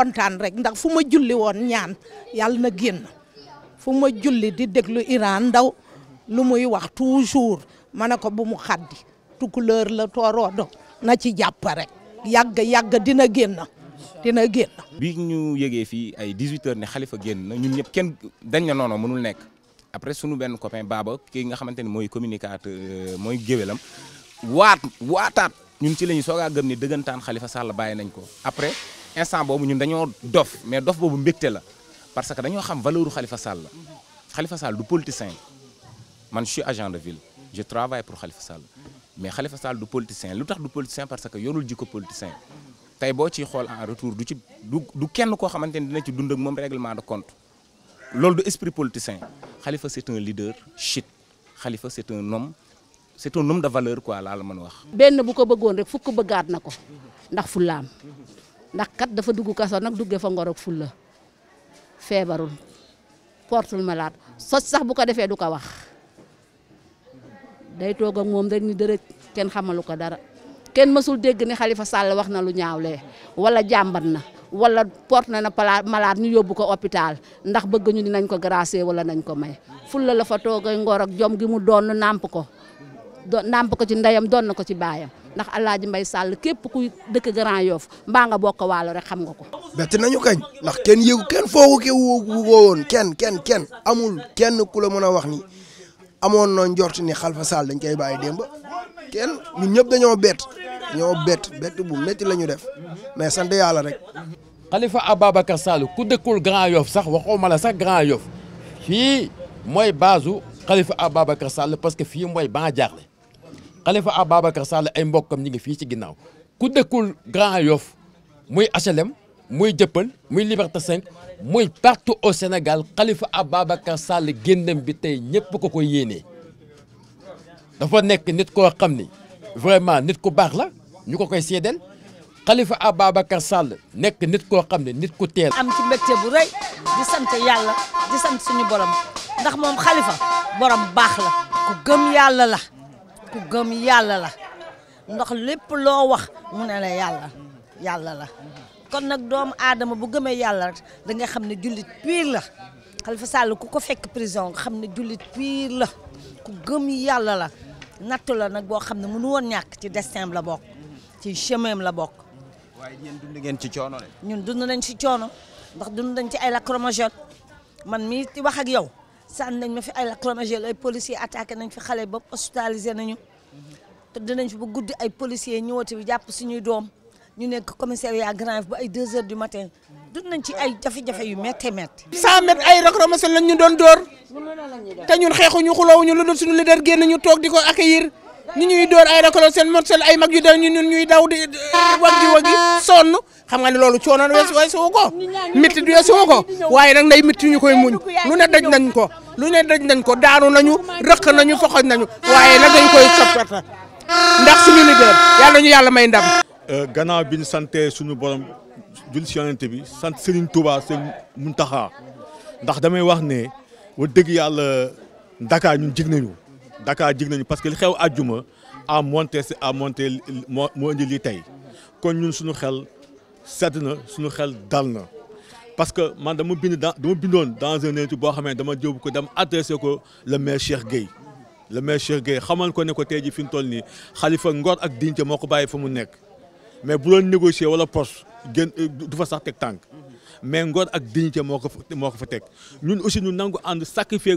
kontaan rek ndax fu ma julli woon ñaan yàlla na génn fu ma julli di déglu Iran Ndaw lu muy wax toujours ma ne ko bu mu xaddi tukkuleer la do na ci jàpp rek yàgg yàgg dina génn dina génn. bi ñu yëgee fii ay 18h ne Khalifa génn ñun ñëpp kenn dañ na noonu mënul nekk après sunu benn copain baaba ki nga xamante ni mooy communicateur euh, mooy géwélam waat waataat ñun ci la ñu soog a gëm ni dëggantaan Khalifa Sall bàyyi nañ ko après. instant bobu ñun dañoo dof mais dof bobu mbégte la parce que dañoo xam valeur Khalifa Sall la Khalifa Sall du politicien man je suis agent de ville je travaille pour Khalifa Sall mais Khalifa Sall du politicien lutax du politicien parce que yorul jikko politicien tay bo ci xol en retour du ci du kenn ko xamanteni dina ci dund ak mom règlement de compte lolou du esprit politicien Khalifa c'est un leader shit Khalifa c'est un homme c'est un homme de valeur quoi laa la mën wax. benn bu ko bëggoon rek fukk bëggaat nako ndax fulam ndax kat dafa dugg kaso nag duggee fa ngorok ak fulla feebarul portul malaat socc sax bu ko defee du ko wax day toog ak moom rek ni dërëj kenn xamalu ko dara kenn mësul dégg ne Khalifa Sall wax na lu ñaawlee wala jàmbat na walla port na na pala malade ñu yóbbu ko hôpital ndax bëgg ñu dinañ ko gracier wala nañ ko may fulla la fa toogay ngor ak jom gi mu doon nàmp ko do nàmp ko ci ndeyam doon na ko ci baayam ndax Alaaji Mbay Sàll kep kuy deuk Grand yof mba nga bokk walu rek xam nga ko. bet nañu kañ ndax ken yëgu ken foogu ke woowoon ken ken ken amul ken ku la mën wax ni amon no ndort ni Xalifa Sall dañ koy baye demba ken ñu ñep dañu bet dañoo bet bet bu métti lañu def mais sante yàlla rek. khalifa ababakar Sall ku dëkkul Grand yof sax waxuma la sax Grand yof fi moy baasu khalifa ababakar Sall parce que fi moy ban jaaxle. Khalifa ababakar Sall ay mbokam ñi ngi fi ci ginnaw ku dëkkul Grand yof muy HLM muy Jëppal muy Liberté 5 muy partout au Sénégal Khalifa ababakar Sall génnam bi tey ñëpp ko ko yene dafa nek nit ko xamni vraiment nit ku bax la ñu ko koy sédel Khalifa ababakar Sall nek nit ko xamni nit ku teel. am ci mbecte bu reuy di sante yàlla di sante suñu borom ndax mom Khalifa borom bax la ku gëm yàlla la. ku gëm yàlla la ndox lépp loo wax mu ne la yàlla yàlla la kon nag doomu aadama bu gëmee yàlla rek da xam ne julit piir la Khalifa ku ko fekk prison nga xam ne julit piir la ku gëm yàlla la nattu la nag boo xam ne mënu woon ñàkk ci destin la bokk ci chemin la bokk. waaye ñun dund ci coono ñun dund nañ ci coono ndax dund nañ ci ay lacrymogène man mii di wax ak yow. sànni nañ ma fi ay lacrymogène ay policiers attaqué nañ fi xale ba hospitalisé nañu te dinañ fi ba guddi ay policiers ñëwati bi jàpp suñuy doom ñu nekk commissariat Grand Yoff ba ay 2 heures du matin du nañ ci ay jafe-jafe yu méttee méttee. 100 mètres ay lacrymogène lañ ñu doon dóor te ñun xeexuñu xulawuñu lu dul suñu leader génn ñu toog di ko accueillir. ñu ñuy door ay récolte seen morcel ay mag yu daw ñu ñun ñuy daw di waggi waggi sonn xam nga ne loolu coono weesu weesu ko métti weesu ko waaye nag nday métti ñu koy muñ lu ne daj nañ ko lu ne daj nañ ko daanu nañu rëq nañu foxoj nañu waaye nag dañ koy soppata ndax suñu leader yàlla ñu yàlla may ndam. Euh, gannaaw bi ñu sante suñu borom jul si yonent bi sant Serigne Touba Serigne Mountakha ndax damay wax ne wa dëgg yàlla Dakar ñun jig nañu. Dakar que parce que li xew àjjuma à monter à monter indi kon ñun suñu xel na parce que man dama bind dans dans un dama ko le maire Cheikh le maire Cheikh Gueye xamal ko ne ko ji ngor ak mais bu négocier wala poste du fa sax mais ngor ak dignité fa aussi ñu nangu sacrifier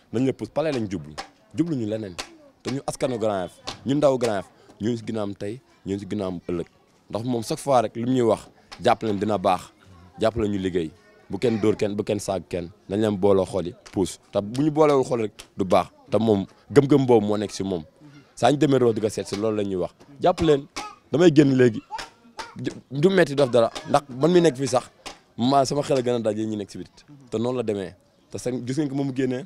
nañ la pousse pale lañ jublu jublu ñu leneen te ñu askanu Grand Yoff ñu ndaw Grand Yoff ñoo si tey ñoo si ginnaam ëllëg ndax moom chaque fois rek li mu ñuy wax jàpp leen dina baax jàpp leen ñu liggéey bu kenn dóor kenn bu kenn saag kenn nañ leen booloo xool yi pousse te bu ñu boolewul xool rek du baax te moom gëm boobu moo nekk si moom saa ñu di ko seet si loolu la ñuy wax jàpp leen damay génn léegi du metti daf dara ndax man mi nekk fii sax ma sama xel a gën a daje ñi nekk si biir te noonu la demee te seen gis ngeen ko moom mu génnee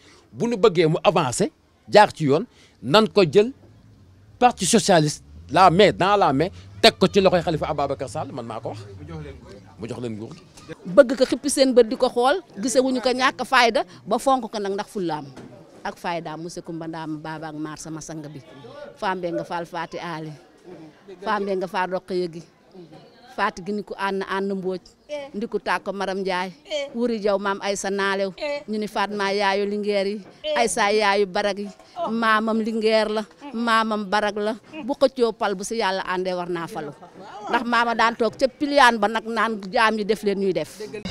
bu ñu bëggee mu avancer jaar ci yoon nan ko jël parti socialiste la main dans la main teg ko ci loxoy Khalifa Ababacar Sall man maa ko wax mu jox leen nguur bëgg ko xippi seen bët di ko xool gisewuñu ko ñàkk fayda ba fonk ko nag ndax fullaam ak faydaam monsieur Coumba Ndam Baba ak Mar sama sang bi Fambe nga fal Fati Ali Fambe nga fa dokk Yegi fati gini eh. ko anna anna mbooj ndiku takko maram njaay eh. wuri jaw mam aysa naalew eh. ñu ni fatma yaayu lingeer yi aysa yaayu barag yi oh. maamam lingeer la mm. maamam barag la mm. bu xëccoo pal bu si yàlla àndee war naa falu ndax maama daan toog ca piliyaan ba nag naan jaam yi def leen ñuy def